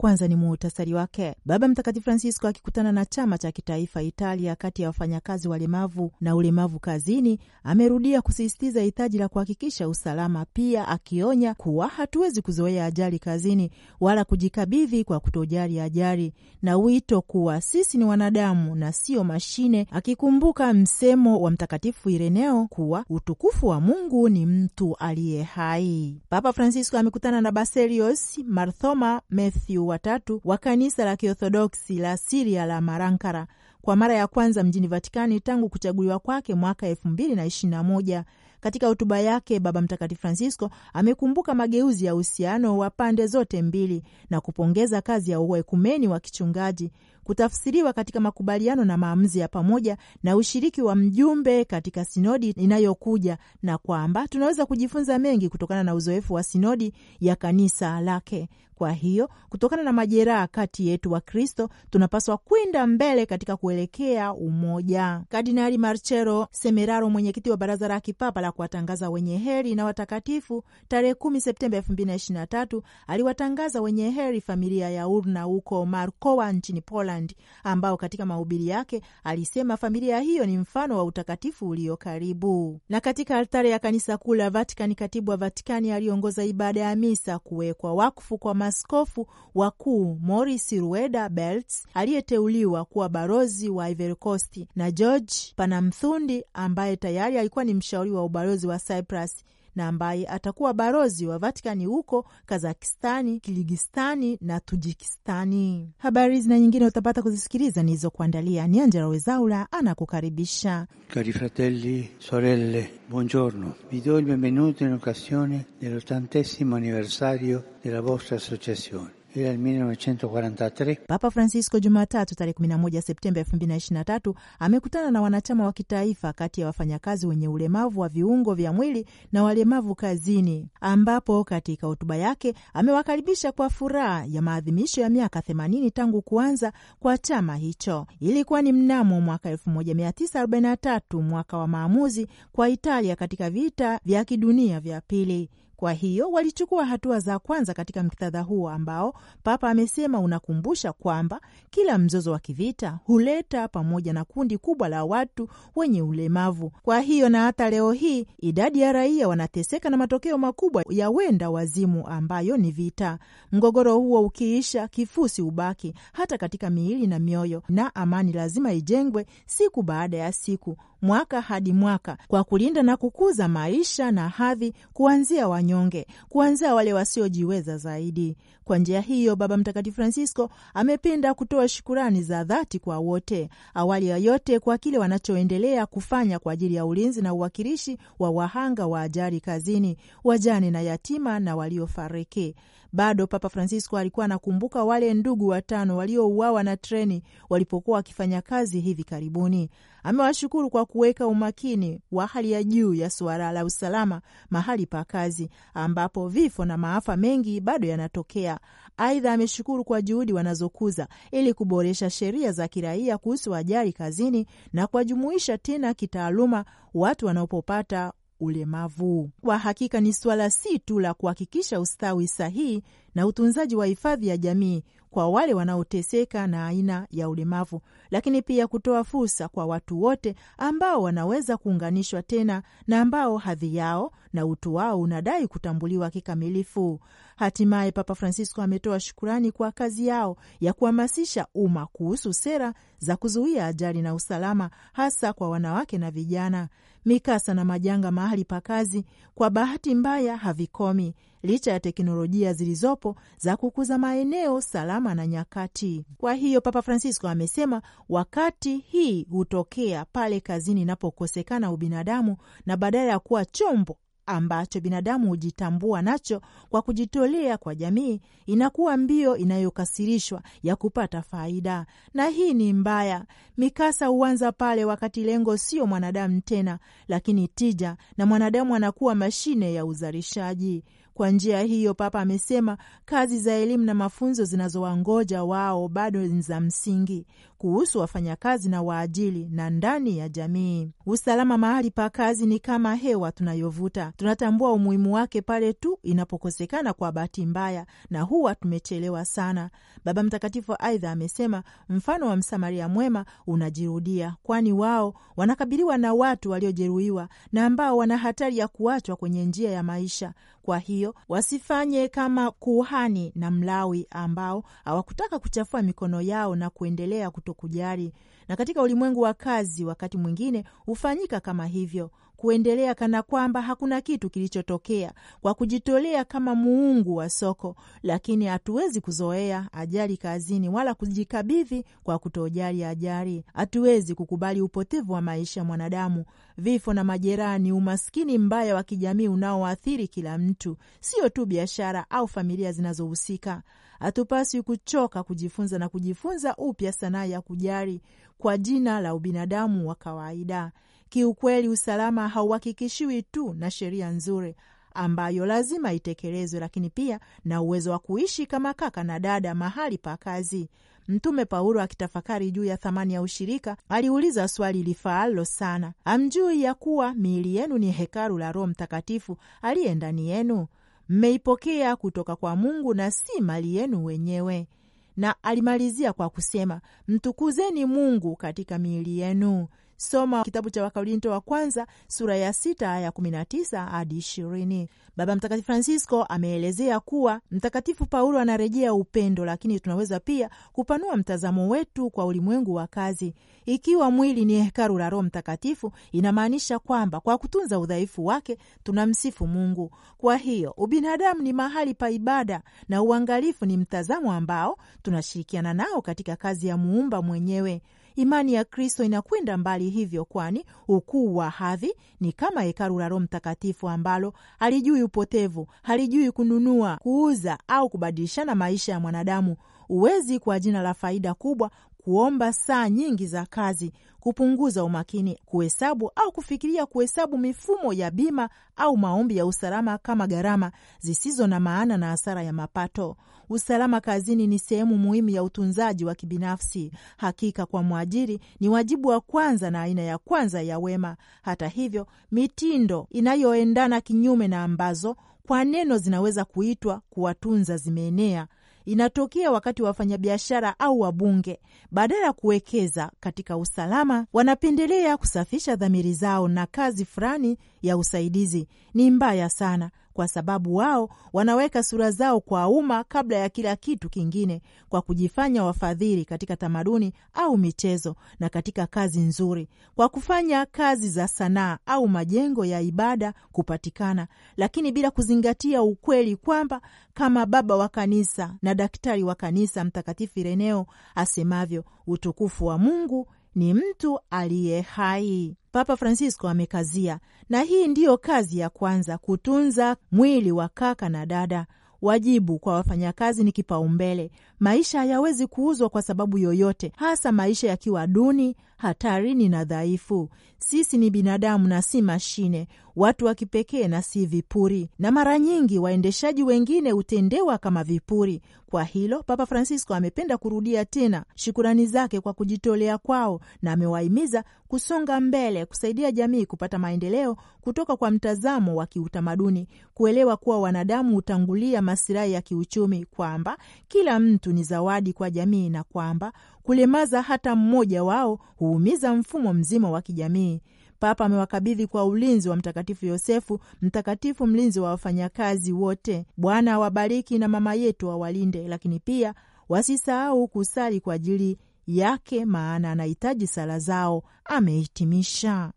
kwanza ni muhutasari wake. Baba Mtakatifu Francisco akikutana na chama cha kitaifa Italia kati ya wafanyakazi walemavu na ulemavu kazini, amerudia kusisitiza hitaji la kuhakikisha usalama, pia akionya kuwa hatuwezi kuzoea ajali kazini wala kujikabidhi kwa kutojali ajali, na wito kuwa sisi ni wanadamu na sio mashine, akikumbuka msemo wa Mtakatifu Ireneo kuwa utukufu wa Mungu ni mtu aliye hai. Papa Francisco amekutana na Baselios Marthoma Mathew watatu wa kanisa la Kiorthodoksi la Siria la Marankara kwa mara ya kwanza mjini Vatikani tangu kuchaguliwa kwake mwaka elfu mbili na ishirini na moja. Katika hotuba yake Baba Mtakatifu Francisco amekumbuka mageuzi ya uhusiano wa pande zote mbili na kupongeza kazi ya uekumeni wa kichungaji kutafsiriwa katika makubaliano na maamuzi ya pamoja na ushiriki wa mjumbe katika sinodi inayokuja na kwamba tunaweza kujifunza mengi kutokana na uzoefu wa sinodi ya kanisa lake kwa hiyo kutokana na majeraha kati yetu wa Kristo tunapaswa kwenda mbele katika kuelekea umoja. Kardinali marchelo Semeraro, mwenyekiti wa Baraza la Kipapa la kuwatangaza wenye heri na watakatifu, tarehe 10 Septemba 2023 aliwatangaza wenye heri familia ya Urna huko Markowa nchini Poland, ambao katika mahubiri yake alisema familia hiyo ni mfano wa utakatifu ulio karibu. Na katika altare ya kanisa kuu la Vatikani, katibu wa Vatikani aliongoza ibada ya misa kuwekwa wakfu kwa maaskofu wakuu moris Rueda Belts aliyeteuliwa kuwa balozi wa Ivory Coast na George Panamthundi ambaye tayari alikuwa ni mshauri wa ubalozi wa Cyprus na ambaye atakuwa barozi wa Vatikani huko Kazakistani, Kirigistani na Tujikistani. Habari zina nyingine utapata kuzisikiliza nilizokuandalia. Ni Angela Wezaula anakukaribisha. Cari fratelli sorelle, buongiorno vi do il benvenuto in occasione dell'ottantesimo anniversario della vostra associazione 1943. Papa Francisco Jumatatu tarehe 11 Septemba 2023 amekutana na wanachama wa kitaifa kati ya wafanyakazi wenye ulemavu wa viungo vya mwili na walemavu kazini, ambapo katika hotuba yake amewakaribisha kwa furaha ya maadhimisho ya miaka 80 tangu kuanza kwa chama hicho. Ilikuwa ni mnamo mwaka 1943, mwaka wa maamuzi kwa Italia katika vita vya kidunia vya pili. Kwa hiyo walichukua hatua za kwanza katika muktadha huo ambao Papa amesema unakumbusha kwamba kila mzozo wa kivita huleta pamoja na kundi kubwa la watu wenye ulemavu. Kwa hiyo na hata leo hii idadi ya raia wanateseka na matokeo makubwa ya wenda wazimu ambayo ni vita. Mgogoro huo ukiisha, kifusi ubaki hata katika miili na mioyo, na amani lazima ijengwe siku baada ya siku, mwaka hadi mwaka, kwa kulinda na kukuza maisha na hadhi kuanzia wa wanyonge, kuanzia wale wasiojiweza zaidi. Kwa njia hiyo, Baba Mtakatifu Francisco amependa kutoa shukurani za dhati kwa wote, awali ya yote kwa kile wanachoendelea kufanya kwa ajili ya ulinzi na uwakilishi wa wahanga wa ajali kazini, wajane na yatima na waliofariki. Bado Papa Francisco alikuwa anakumbuka wale ndugu watano waliouawa na treni walipokuwa wakifanya kazi hivi karibuni. Amewashukuru kwa kuweka umakini wa hali ya juu ya suala la usalama mahali pa kazi, ambapo vifo na maafa mengi bado yanatokea Aidha, ameshukuru kwa juhudi wanazokuza ili kuboresha sheria za kiraia kuhusu ajali kazini na kuwajumuisha tena kitaaluma watu wanapopata ulemavu. Kwa hakika ni suala si tu la kuhakikisha ustawi sahihi na utunzaji wa hifadhi ya jamii kwa wale wanaoteseka na aina ya ulemavu, lakini pia kutoa fursa kwa watu wote ambao wanaweza kuunganishwa tena na ambao hadhi yao na utu wao unadai kutambuliwa kikamilifu. Hatimaye, Papa Francisco ametoa shukurani kwa kazi yao ya kuhamasisha umma kuhusu sera za kuzuia ajali na usalama, hasa kwa wanawake na vijana. Mikasa na majanga mahali pa kazi, kwa bahati mbaya, havikomi licha ya teknolojia zilizopo za kukuza maeneo salama na nyakati. Kwa hiyo Papa Francisco amesema wakati hii hutokea pale kazini inapokosekana ubinadamu na badala ya kuwa chombo ambacho binadamu hujitambua nacho kwa kujitolea kwa jamii inakuwa mbio inayokasirishwa ya kupata faida, na hii ni mbaya. Mikasa huanza pale wakati lengo sio mwanadamu tena, lakini tija, na mwanadamu anakuwa mashine ya uzalishaji. Kwa njia hiyo, Papa amesema kazi za elimu na mafunzo zinazowangoja wao bado ni za msingi kuhusu wafanyakazi na waajili na ndani ya jamii. Usalama mahali pa kazi ni kama hewa tunayovuta. Tunatambua umuhimu wake pale tu inapokosekana kwa bahati mbaya, na huwa tumechelewa sana. Baba Mtakatifu aidha amesema mfano wa Msamaria mwema unajirudia, kwani wao wanakabiliwa na watu waliojeruhiwa na ambao wana hatari ya kuachwa kwenye njia ya maisha. Kwa hiyo wasifanye kama kuhani na Mlawi ambao hawakutaka kuchafua mikono yao na kuendelea kuto kutokujali, na katika ulimwengu wa kazi wakati mwingine hufanyika kama hivyo, kuendelea kana kwamba hakuna kitu kilichotokea, kwa kujitolea kama muungu wa soko. Lakini hatuwezi kuzoea ajali kazini wala kujikabidhi kwa kutojali ajali. Hatuwezi kukubali upotevu wa maisha mwanadamu, vifo na majeraha, ni umaskini mbaya wa kijamii unaoathiri kila mtu, sio tu biashara au familia zinazohusika. Hatupaswi kuchoka kujifunza na kujifunza upya sanaa ya kujali kwa jina la ubinadamu wa kawaida. Kiukweli, usalama hauhakikishiwi tu na sheria nzuri ambayo lazima itekelezwe, lakini pia na uwezo wa kuishi kama kaka na dada mahali pa kazi. Mtume Paulo akitafakari juu ya thamani ya ushirika aliuliza swali lifaalo sana: amjui ya kuwa miili yenu ni hekalu la Roho Mtakatifu aliye ndani yenu, mmeipokea kutoka kwa Mungu na si mali yenu wenyewe. Na alimalizia kwa kusema, mtukuzeni Mungu katika miili yenu, Soma kitabu cha Wakorinto wa kwanza sura ya sita ya kumi na tisa hadi ishirini. Baba Mtakatifu Francisco ameelezea kuwa Mtakatifu Paulo anarejea upendo, lakini tunaweza pia kupanua mtazamo wetu kwa ulimwengu wa kazi. Ikiwa mwili ni hekalu la Roho Mtakatifu, inamaanisha kwamba kwa kutunza udhaifu wake tunamsifu Mungu. Kwa hiyo ubinadamu ni mahali pa ibada na uangalifu ni mtazamo ambao tunashirikiana nao katika kazi ya muumba mwenyewe. Imani ya Kristo inakwenda mbali hivyo, kwani ukuu wa hadhi ni kama hekalu la Roho Mtakatifu ambalo halijui upotevu, halijui kununua, kuuza au kubadilishana maisha ya mwanadamu. uwezi kwa jina la faida kubwa kuomba saa nyingi za kazi, kupunguza umakini, kuhesabu au kufikiria kuhesabu mifumo ya bima au maombi ya usalama kama gharama zisizo na maana na hasara ya mapato. Usalama kazini ni sehemu muhimu ya utunzaji wa kibinafsi. Hakika kwa mwajiri ni wajibu wa kwanza na aina ya kwanza ya wema. Hata hivyo, mitindo inayoendana kinyume na ambazo kwa neno zinaweza kuitwa kuwatunza zimeenea inatokea wakati wafanyabiashara au wabunge badala ya kuwekeza katika usalama wanapendelea kusafisha dhamiri zao na kazi fulani ya usaidizi. Ni mbaya sana kwa sababu wao wanaweka sura zao kwa umma kabla ya kila kitu kingine, kwa kujifanya wafadhili katika tamaduni au michezo na katika kazi nzuri, kwa kufanya kazi za sanaa au majengo ya ibada kupatikana, lakini bila kuzingatia ukweli kwamba kama baba wa kanisa na daktari wa kanisa Mtakatifu Ireneo asemavyo, utukufu wa Mungu ni mtu aliye hai. Papa Francisco amekazia, na hii ndiyo kazi ya kwanza, kutunza mwili wa kaka na dada. Wajibu kwa wafanyakazi ni kipaumbele. Maisha hayawezi kuuzwa kwa sababu yoyote, hasa maisha yakiwa duni, hatarini na dhaifu. Sisi ni binadamu na si mashine watu wa kipekee na si vipuri, na mara nyingi waendeshaji wengine hutendewa kama vipuri. Kwa hilo, Papa Francisco amependa kurudia tena shukurani zake kwa kujitolea kwao, na amewahimiza kusonga mbele, kusaidia jamii kupata maendeleo kutoka kwa mtazamo wa kiutamaduni, kuelewa kuwa wanadamu hutangulia masilahi ya kiuchumi, kwamba kila mtu ni zawadi kwa jamii na kwamba kulemaza hata mmoja wao huumiza mfumo mzima wa kijamii. Papa amewakabidhi kwa ulinzi wa Mtakatifu Yosefu, mtakatifu mlinzi wa wafanyakazi wote. Bwana awabariki na mama yetu awalinde, lakini pia wasisahau kusali kwa ajili yake, maana anahitaji sala zao. Amehitimisha.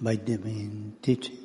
By teaching,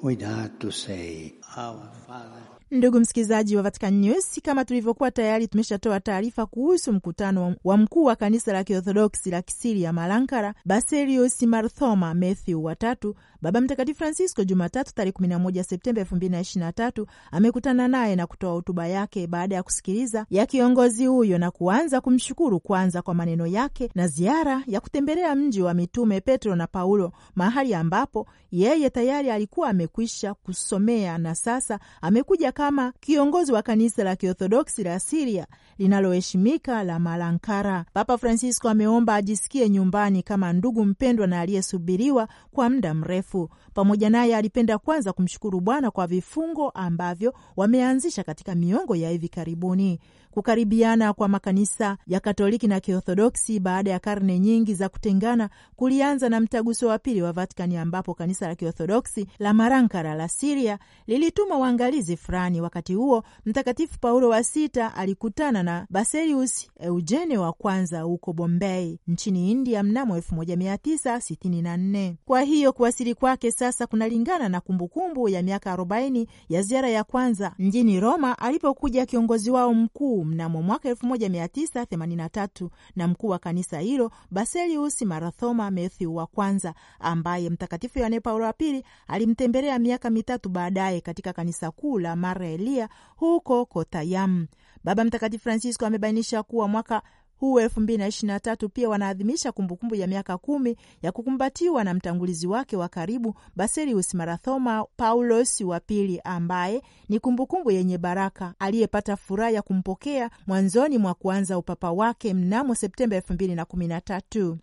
we to say, Our Father Ndugu msikilizaji wa Vatican News, kama tulivyokuwa tayari tumeshatoa taarifa kuhusu mkutano wa mkuu wa kanisa la Kiorthodoksi la Kisiria Malankara, Baselius Marthoma Mathew watatu Baba Mtakatifu Francisco Jumatatu tarehe 11 Septemba 2023 amekutana naye na kutoa hotuba yake baada ya kusikiliza ya kiongozi huyo na kuanza kumshukuru kwanza kwa maneno yake na ziara ya kutembelea mji wa mitume Petro na Paulo, mahali ambapo yeye tayari alikuwa amekwisha kusomea na sasa amekuja kama kiongozi wa kanisa la Kiorthodoksi la Siria linaloheshimika la Malankara. Papa Francisco ameomba ajisikie nyumbani kama ndugu mpendwa na aliyesubiriwa kwa muda mrefu mrefu. Pamoja naye alipenda kwanza kumshukuru Bwana kwa vifungo ambavyo wameanzisha katika miongo ya hivi karibuni. Kukaribiana kwa makanisa ya Katoliki na Kiorthodoksi baada ya karne nyingi za kutengana kulianza na mtaguso wa pili wa Vatikani, ambapo kanisa la Kiorthodoksi la Marankara la Siria lilituma waangalizi fulani. Wakati huo Mtakatifu Paulo wa Sita alikutana na Baselius Eugene wa kwanza huko bombei nchini India mnamo 1964. Kwa hiyo kuwasili kwake sasa kunalingana na kumbukumbu ya miaka 40 ya ziara ya kwanza mjini Roma alipokuja kiongozi wao mkuu mnamo mwaka 1983 na mkuu wa kanisa hilo Baselius Marathoma Mathew wa kwanza, ambaye Mtakatifu Yohane Paulo wa pili alimtembelea miaka mitatu baadaye katika kanisa kuu la Mara Elia huko Kotayam. Baba Mtakatifu Francisco amebainisha kuwa mwaka huu elfu mbili na ishirini na tatu pia wanaadhimisha kumbukumbu ya miaka kumi ya kukumbatiwa na mtangulizi wake wa karibu Baselius Marathoma Paulos wa pili, ambaye ni kumbukumbu yenye baraka aliyepata furaha ya kumpokea mwanzoni mwa kuanza upapa wake mnamo Septemba elfu mbili na kumi na tatu.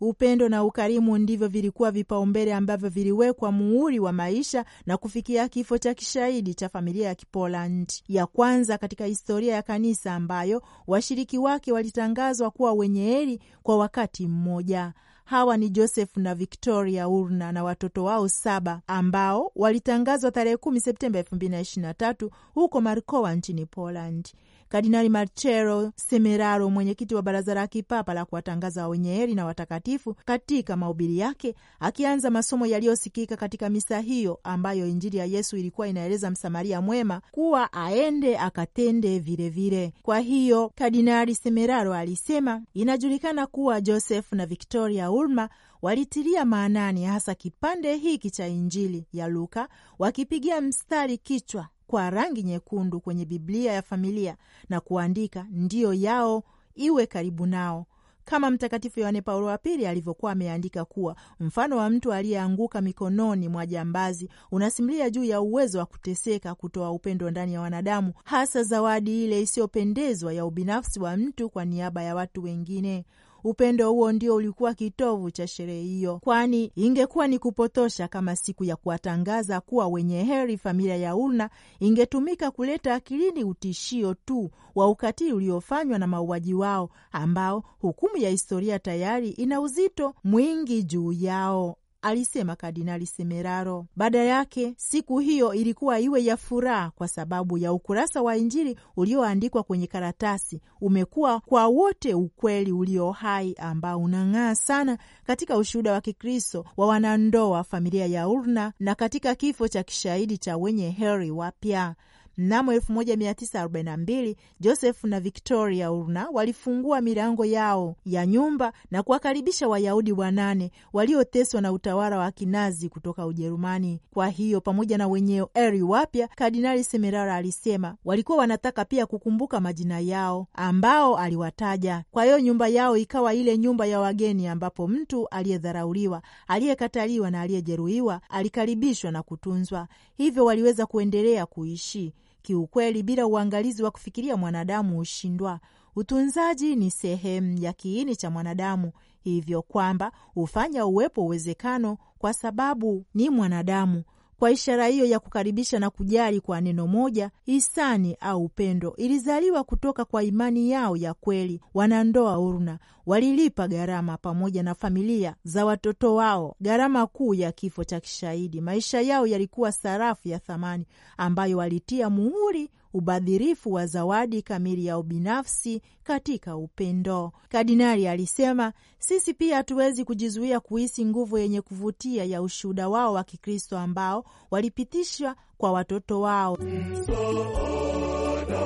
Upendo na ukarimu ndivyo vilikuwa vipaumbele ambavyo viliwekwa muhuri wa maisha na kufikia kifo cha kishahidi cha familia ya Kipoland ya kwanza katika historia ya kanisa, ambayo washiriki wake walitangazwa kuwa wenye heri kwa wakati mmoja. Hawa ni Joseph na Victoria Urna na watoto wao saba ambao walitangazwa tarehe 10 Septemba 2023 huko Markowa nchini Poland. Kardinali Marcello Semeraro, mwenyekiti wa Baraza la Kipapa la kuwatangaza wenye heri na watakatifu, katika mahubiri yake akianza masomo yaliyosikika katika misa hiyo ambayo Injili ya Yesu ilikuwa inaeleza Msamaria mwema kuwa aende akatende vilevile vile. Kwa hiyo Kardinali Semeraro alisema inajulikana kuwa Joseph na Victoria Ulma walitilia maanani hasa kipande hiki cha Injili ya Luka wakipigia mstari kichwa kwa rangi nyekundu kwenye Biblia ya familia na kuandika ndiyo yao iwe karibu nao, kama Mtakatifu Yohane Paulo wa Pili alivyokuwa ameandika kuwa mfano wa mtu aliyeanguka mikononi mwa jambazi unasimulia juu ya uwezo wa kuteseka, kutoa upendo ndani ya wanadamu, hasa zawadi ile isiyopendezwa ya ubinafsi wa mtu kwa niaba ya watu wengine. Upendo huo ndio ulikuwa kitovu cha sherehe hiyo, kwani ingekuwa ni kupotosha kama siku ya kuwatangaza kuwa wenye heri familia ya Ulna ingetumika kuleta akilini utishio tu wa ukatili uliofanywa na mauaji wao ambao hukumu ya historia tayari ina uzito mwingi juu yao alisema Kardinali Semeraro. Baada yake siku hiyo ilikuwa iwe ya furaha, kwa sababu ya ukurasa wa Injili ulioandikwa kwenye karatasi umekuwa kwa wote ukweli ulio hai ambao unang'aa sana katika ushuhuda wa Kikristo wa wanandoa, familia ya Urna na katika kifo cha kishahidi cha wenye heri wapya. Mnamo 1942 Josefu na Victoria Urna walifungua milango yao ya nyumba na kuwakaribisha Wayahudi wanane walioteswa na utawala wa Kinazi kutoka Ujerumani. Kwa hiyo pamoja na wenye eri wapya, Kardinali Semerara alisema walikuwa wanataka pia kukumbuka majina yao ambao aliwataja. Kwa hiyo nyumba yao ikawa ile nyumba ya wageni ambapo mtu aliyedharauliwa, aliyekataliwa na aliyejeruhiwa alikaribishwa na kutunzwa, hivyo waliweza kuendelea kuishi. Kiukweli, bila uangalizi wa kufikiria, mwanadamu hushindwa. Utunzaji ni sehemu ya kiini cha mwanadamu, hivyo kwamba hufanya uwepo uwezekano, kwa sababu ni mwanadamu kwa ishara hiyo ya kukaribisha na kujali kwa neno moja, hisani au upendo ilizaliwa kutoka kwa imani yao ya kweli. Wanandoa urna walilipa gharama pamoja na familia za watoto wao gharama kuu ya kifo cha kishahidi. Maisha yao yalikuwa sarafu ya thamani ambayo walitia muhuri ubadhirifu wa zawadi kamili ya ubinafsi katika upendo. Kardinali alisema, sisi pia hatuwezi kujizuia kuhisi nguvu yenye kuvutia ya ushuhuda wao wa Kikristo ambao walipitishwa kwa watoto wao Msaada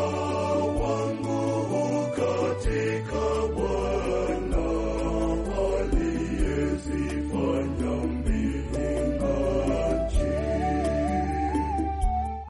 wangu katika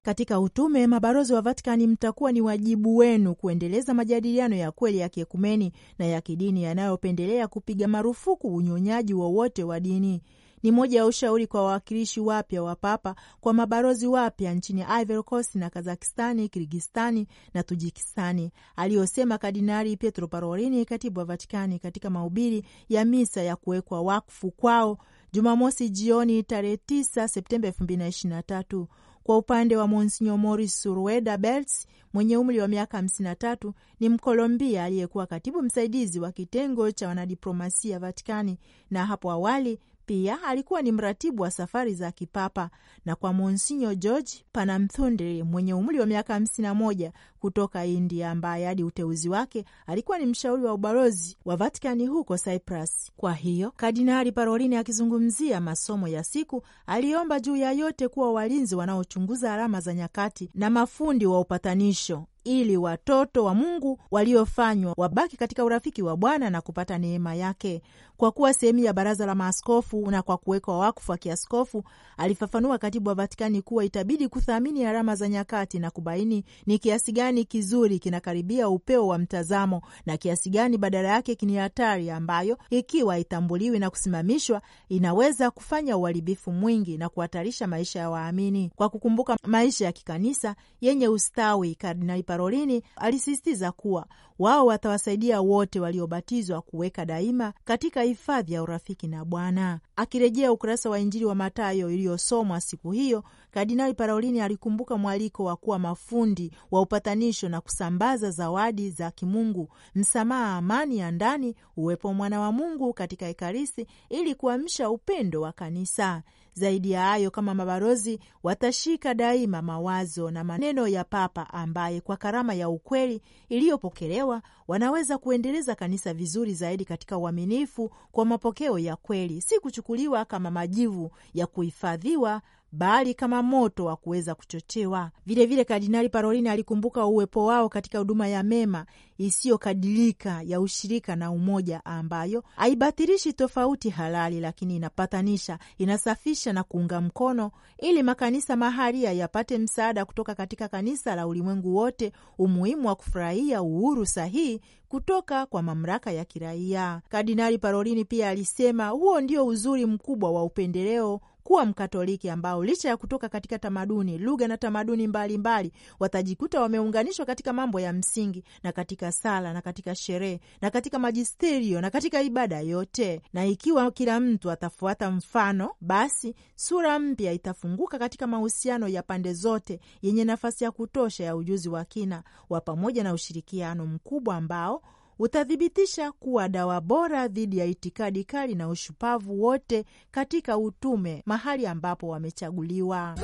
Katika utume, mabalozi wa Vatikani mtakuwa ni wajibu wenu kuendeleza majadiliano ya kweli ya kiekumeni na ya kidini yanayopendelea kupiga marufuku unyonyaji wowote wa, wa dini ni moja ya ushauri kwa wawakilishi wapya wa Papa kwa mabalozi wapya nchini Ivory Coast na Kazakistani, Kirigistani na Tujikistani, aliyosema Kardinali Pietro Parolini, katibu wa Vatikani, katika mahubiri ya misa ya kuwekwa wakfu kwao Jumamosi jioni tarehe 9 Septemba 2023. Kwa upande wa Monsinyo Moris Rueda Belts mwenye umri wa miaka 53 ni Mkolombia aliyekuwa katibu msaidizi wa kitengo cha wanadiplomasia Vatikani na hapo awali pia alikuwa ni mratibu wa safari za kipapa na kwa Monsinyo George Panamthundre mwenye umri wa miaka hamsini na moja kutoka India, ambaye hadi uteuzi wake alikuwa ni mshauri wa ubalozi wa Vatikani huko Cyprus. Kwa hiyo Kardinali Parolini akizungumzia masomo ya siku aliomba juu ya yote kuwa walinzi wanaochunguza alama za nyakati na mafundi wa upatanisho ili watoto wa Mungu waliofanywa wabaki katika urafiki wa Bwana na kupata neema yake. Kwa kuwa sehemu ya baraza la maaskofu na kwa kuwekwa wakfu wa kiaskofu, alifafanua katibu wa Vatikani kuwa itabidi kuthamini alama za nyakati na kubaini ni kiasi gani kizuri kinakaribia upeo wa mtazamo na kiasi gani badala yake ni hatari ambayo, ikiwa itambuliwi na kusimamishwa, inaweza kufanya uharibifu mwingi na kuhatarisha maisha ya waamini. Kwa kukumbuka maisha ya kikanisa yenye ustawi, Kardinali parolini alisisitiza kuwa wao watawasaidia wote waliobatizwa kuweka daima katika hifadhi ya urafiki na Bwana. Akirejea ukurasa wa Injili wa matayo iliyosomwa siku hiyo, Kardinali Parolini alikumbuka mwaliko wa kuwa mafundi wa upatanisho na kusambaza zawadi za kimungu, msamaha, amani ya ndani, uwepo mwana wa Mungu katika Ekaristi ili kuamsha upendo wa kanisa. Zaidi ya hayo, kama mabalozi watashika daima mawazo na maneno ya Papa ambaye kwa karama ya ukweli iliyopokelewa wanaweza kuendeleza kanisa vizuri zaidi katika uaminifu kwa mapokeo ya kweli, si kuchukuliwa kama majivu ya kuhifadhiwa bali kama moto wa kuweza kuchochewa. Vilevile, Kardinali Parolini alikumbuka uwepo wao katika huduma ya mema isiyokadirika ya ushirika na umoja, ambayo haibatirishi tofauti halali, lakini inapatanisha, inasafisha na kuunga mkono, ili makanisa maharia yapate msaada kutoka katika kanisa la ulimwengu wote, umuhimu wa kufurahia uhuru sahihi kutoka kwa mamlaka ya kiraia. Kardinali Parolini pia alisema huo ndio uzuri mkubwa wa upendeleo kuwa Mkatoliki ambao licha ya kutoka katika tamaduni, lugha na tamaduni mbalimbali mbali, watajikuta wameunganishwa katika mambo ya msingi na katika sala na katika sherehe na katika majisterio na katika ibada yote. Na ikiwa kila mtu atafuata mfano, basi sura mpya itafunguka katika mahusiano ya pande zote yenye nafasi ya kutosha ya ujuzi wa kina wa pamoja na ushirikiano mkubwa ambao utathibitisha kuwa dawa bora dhidi ya itikadi kali na ushupavu wote katika utume mahali ambapo wamechaguliwa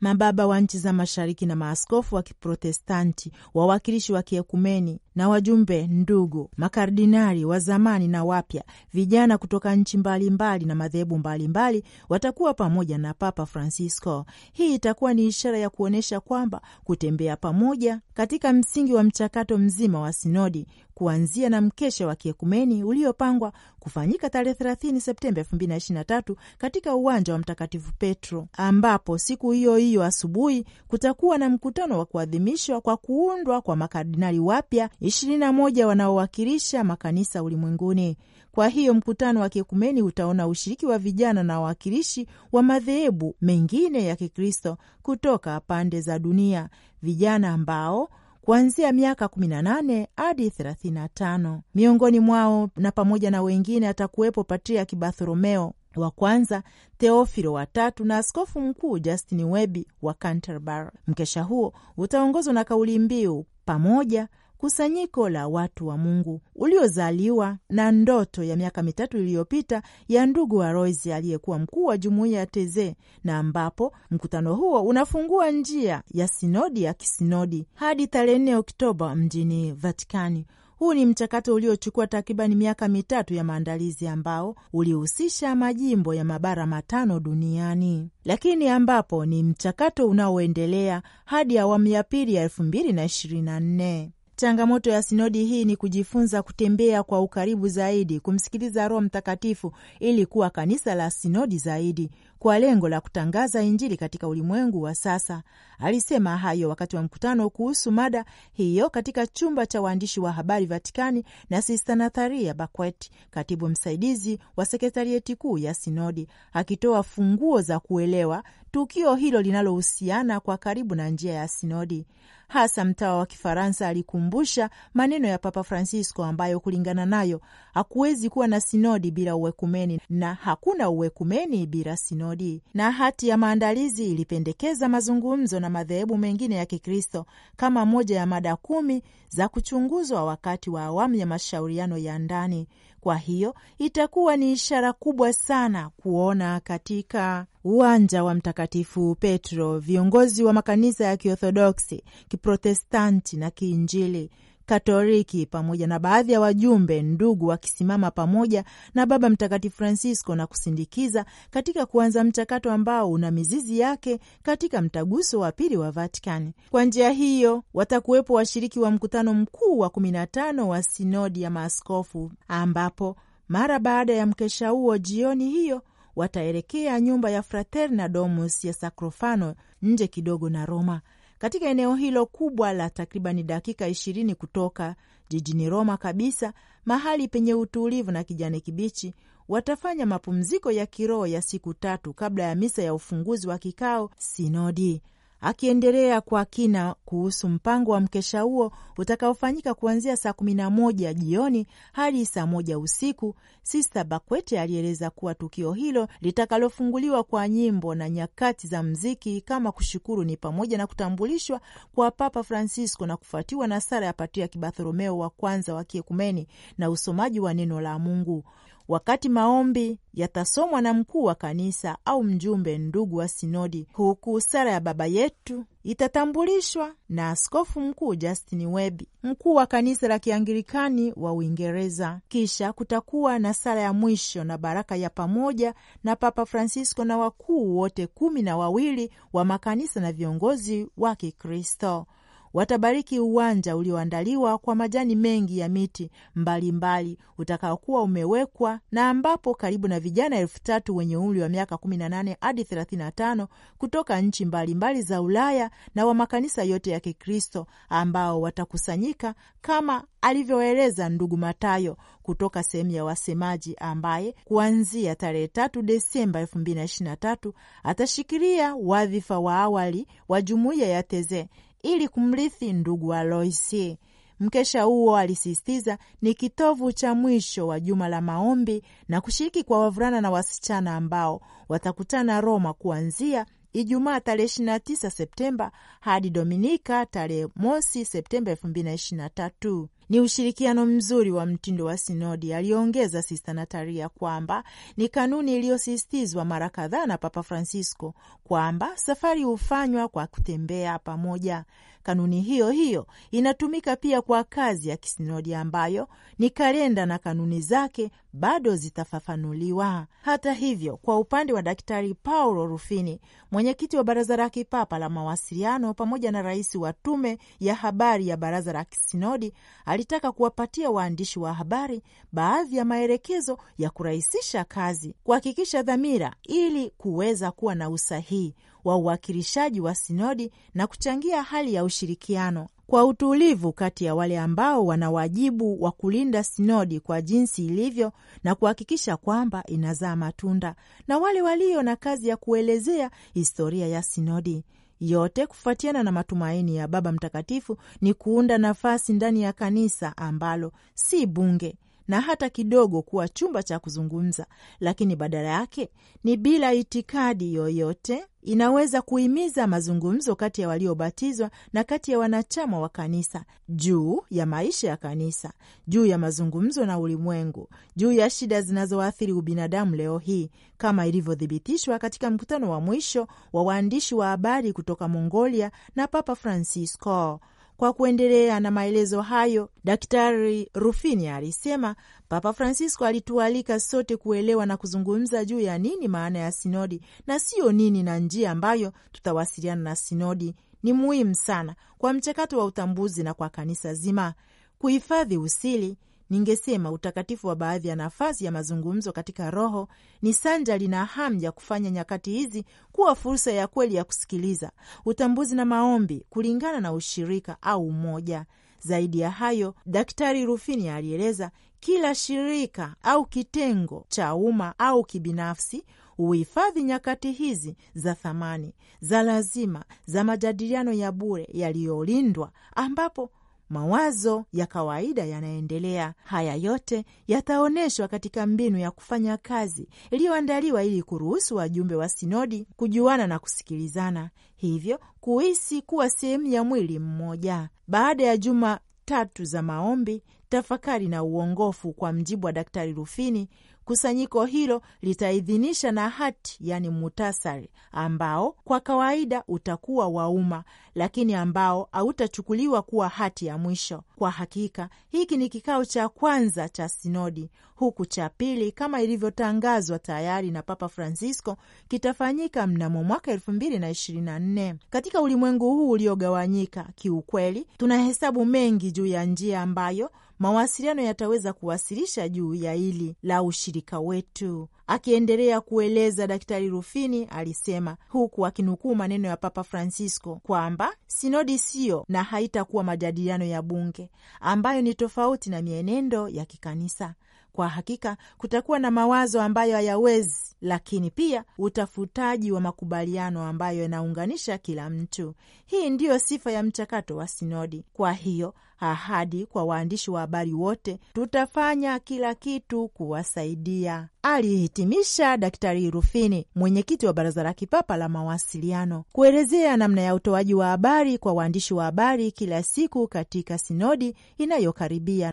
Mababa wa nchi za mashariki na maaskofu wa Kiprotestanti, wawakilishi wa kiekumeni na wajumbe ndugu makardinali wa zamani na wapya, vijana kutoka nchi mbalimbali na madhehebu mbalimbali watakuwa pamoja na Papa Francisco. Hii itakuwa ni ishara ya kuonyesha kwamba kutembea pamoja katika msingi wa mchakato mzima wa sinodi kuanzia na mkesha wa kiekumeni uliopangwa kufanyika tarehe 30 Septemba 2023 katika uwanja wa Mtakatifu Petro, ambapo siku hiyo hiyo asubuhi kutakuwa na mkutano wa kuadhimishwa kwa kuundwa kwa makardinali wapya ishirini na moja wanaowakilisha makanisa ulimwenguni. Kwa hiyo mkutano wa kiekumeni utaona ushiriki wa vijana na wawakilishi wa madhehebu mengine ya Kikristo kutoka pande za dunia, vijana ambao kuanzia miaka 18 hadi 35. Miongoni mwao na pamoja na wengine atakuwepo Patriaki Bartholomeo wa kwanza, Theofilo wa tatu na askofu mkuu Justin Webi wa Canterbury. Mkesha huo utaongozwa na kauli mbiu pamoja kusanyiko la watu wa Mungu uliozaliwa na ndoto ya miaka mitatu iliyopita ya ndugu wa aliyekuwa mkuu wa jumuiya ya Teze, na ambapo mkutano huo unafungua njia ya sinodi ya kisinodi hadi tarehe 4 Oktoba mjini Vatikani. Huu ni mchakato uliochukua takribani miaka mitatu ya maandalizi ambao ulihusisha majimbo ya mabara matano duniani, lakini ambapo ni mchakato unaoendelea hadi awamu ya pili ya elfu mbili na ishirini na nne. Changamoto ya sinodi hii ni kujifunza kutembea kwa ukaribu zaidi, kumsikiliza Roho Mtakatifu ili kuwa kanisa la sinodi zaidi, kwa lengo la kutangaza Injili katika ulimwengu wa sasa. Alisema hayo wakati wa mkutano kuhusu mada hiyo katika chumba cha waandishi wa habari Vatikani na Sista Natharia Bakwet, katibu msaidizi wa sekretarieti kuu ya Sinodi, akitoa funguo za kuelewa tukio hilo linalohusiana kwa karibu na njia ya Sinodi. Hasa mtawa wa Kifaransa alikumbusha maneno ya Papa Francisco ambayo kulingana nayo hakuwezi kuwa na sinodi bila uwekumeni na hakuna uwekumeni bila sinodi sinodi na hati ya maandalizi ilipendekeza mazungumzo na madhehebu mengine ya Kikristo kama moja ya mada kumi za kuchunguzwa wakati wa awamu ya mashauriano ya ndani. Kwa hiyo itakuwa ni ishara kubwa sana kuona katika uwanja wa Mtakatifu Petro viongozi wa makanisa ya Kiorthodoksi, Kiprotestanti na Kiinjili Katoliki pamoja na baadhi ya wajumbe ndugu wakisimama pamoja na Baba Mtakatifu Francisco na kusindikiza katika kuanza mchakato ambao una mizizi yake katika mtaguso wa pili wa Vatikani. Kwa njia hiyo watakuwepo washiriki wa mkutano mkuu wa kumi na tano wa sinodi ya maaskofu ambapo mara baada ya mkesha huo jioni hiyo wataelekea nyumba ya Fraterna Domus ya Sacrofano nje kidogo na Roma katika eneo hilo kubwa la takribani dakika ishirini kutoka jijini Roma kabisa, mahali penye utulivu na kijani kibichi. Watafanya mapumziko ya kiroho ya siku tatu kabla ya misa ya ufunguzi wa kikao sinodi akiendelea kwa kina kuhusu mpango wa mkesha huo utakaofanyika kuanzia saa kumi na moja jioni hadi saa moja usiku. Sista Bakwete alieleza kuwa tukio hilo litakalofunguliwa kwa nyimbo na nyakati za mziki kama kushukuru ni pamoja na kutambulishwa kwa Papa Francisco na kufuatiwa na sala ya Patriaki Bartholomeo wa kwanza wa kiekumeni na usomaji wa neno la Mungu wakati maombi yatasomwa na mkuu wa kanisa au mjumbe ndugu wa sinodi, huku sala ya Baba yetu itatambulishwa na Askofu Mkuu Justin webi mkuu wa kanisa la Kianglikani wa Uingereza. Kisha kutakuwa na sala ya mwisho na baraka ya pamoja na Papa Francisco na wakuu wote kumi na wawili wa makanisa na viongozi wa Kikristo. Watabariki uwanja ulioandaliwa kwa majani mengi ya miti mbalimbali utakaokuwa umewekwa na ambapo karibu na vijana elfu tatu wenye umri wa miaka 18 hadi 35 kutoka nchi mbalimbali za Ulaya na wa makanisa yote ya Kikristo ambao watakusanyika kama alivyoeleza ndugu Matayo kutoka sehemu ya wasemaji ambaye kuanzia tarehe tatu Desemba elfu mbili na na tatu atashikilia wadhifa wa awali wa jumuiya ya Tezee ili kumrithi ndugu wa Loisi. Mkesha huo alisisitiza ni kitovu cha mwisho wa juma la maombi na kushiriki kwa wavulana na wasichana ambao watakutana Roma kuanzia Ijumaa tarehe 29 Septemba hadi Dominika tarehe mosi Septemba 2023 ni ushirikiano mzuri wa mtindo wa sinodi. aliyoongeza Sista nataria kwamba ni kanuni iliyosisitizwa mara kadhaa na Papa Francisco kwamba safari hufanywa kwa kutembea pamoja. Kanuni hiyo hiyo inatumika pia kwa kazi ya kisinodi ambayo ni kalenda na kanuni zake bado zitafafanuliwa. Hata hivyo, kwa upande wa Daktari Paulo Rufini, mwenyekiti wa Baraza la Kipapa la Mawasiliano pamoja na rais wa Tume ya Habari ya Baraza la Kisinodi, alitaka kuwapatia waandishi wa habari baadhi ya maelekezo ya kurahisisha kazi, kuhakikisha dhamira ili kuweza kuwa na usahihi wa uwakilishaji wa sinodi na kuchangia hali ya ushirikiano kwa utulivu kati ya wale ambao wana wajibu wa kulinda sinodi kwa jinsi ilivyo na kuhakikisha kwamba inazaa matunda na wale walio na kazi ya kuelezea historia ya sinodi yote kufuatiana na matumaini ya Baba Mtakatifu ni kuunda nafasi ndani ya kanisa ambalo si bunge na hata kidogo kuwa chumba cha kuzungumza, lakini badala yake ni bila itikadi yoyote inaweza kuhimiza mazungumzo kati ya waliobatizwa na kati ya wanachama wa kanisa juu ya maisha ya kanisa, juu ya mazungumzo na ulimwengu, juu ya shida zinazoathiri ubinadamu leo hii, kama ilivyothibitishwa katika mkutano wa mwisho wa waandishi wa habari kutoka Mongolia na Papa Francisco. Kwa kuendelea na maelezo hayo, Daktari Rufini alisema Papa Francisco alitualika sote kuelewa na kuzungumza juu ya nini maana ya sinodi na siyo nini, na njia ambayo tutawasiliana na sinodi ni muhimu sana kwa mchakato wa utambuzi na kwa kanisa zima, kuhifadhi usili Ningesema utakatifu wa baadhi ya nafasi ya mazungumzo katika Roho ni sanja lina hamu ya kufanya nyakati hizi kuwa fursa ya kweli ya kusikiliza, utambuzi na maombi kulingana na ushirika au umoja. Zaidi ya hayo, Daktari Rufini alieleza kila shirika au kitengo cha umma au kibinafsi huhifadhi nyakati hizi za thamani za lazima za majadiliano ya bure yaliyolindwa, ambapo mawazo ya kawaida yanaendelea. Haya yote yataonyeshwa katika mbinu ya kufanya kazi iliyoandaliwa ili kuruhusu wajumbe wa sinodi kujuana na kusikilizana, hivyo kuhisi kuwa sehemu ya mwili mmoja. Baada ya juma tatu za maombi, tafakari na uongofu, kwa mjibu wa Daktari Rufini, Kusanyiko hilo litaidhinisha na hati, yani mutasari ambao kwa kawaida utakuwa wa umma, lakini ambao hautachukuliwa kuwa hati ya mwisho. Kwa hakika hiki ni kikao cha kwanza cha sinodi, huku cha pili kama ilivyotangazwa tayari na Papa Francisco kitafanyika mnamo mwaka elfu mbili na ishirini na nne. Katika ulimwengu huu uliogawanyika, kiukweli tunahesabu mengi juu ya njia ambayo mawasiliano yataweza kuwasilisha juu ya hili la ushirika wetu. Akiendelea kueleza, Daktari Rufini alisema huku akinukuu maneno ya Papa Francisco kwamba sinodi siyo na haitakuwa majadiliano ya bunge ambayo ni tofauti na mienendo ya kikanisa. Kwa hakika kutakuwa na mawazo ambayo hayawezi, lakini pia utafutaji wa makubaliano ambayo yanaunganisha kila mtu. Hii ndiyo sifa ya mchakato wa sinodi. Kwa hiyo ahadi kwa waandishi wa habari wote, tutafanya kila kitu kuwasaidia, alihitimisha Daktari Rufini, mwenyekiti wa Baraza la Kipapa la Mawasiliano, kuelezea namna ya utoaji wa habari kwa waandishi wa habari kila siku katika sinodi inayokaribia.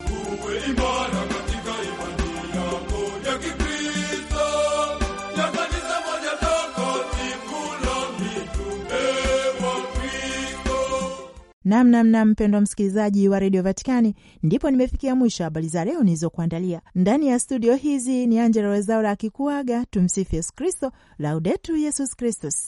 Namnamna mpendwa msikilizaji wa redio Vatikani, ndipo nimefikia mwisho habari za leo nilizokuandalia ndani ya studio hizi. Ni Angela Wezaura akikuaga. Tumsifu Yesu Kristo, laudetu Yesus Kristus.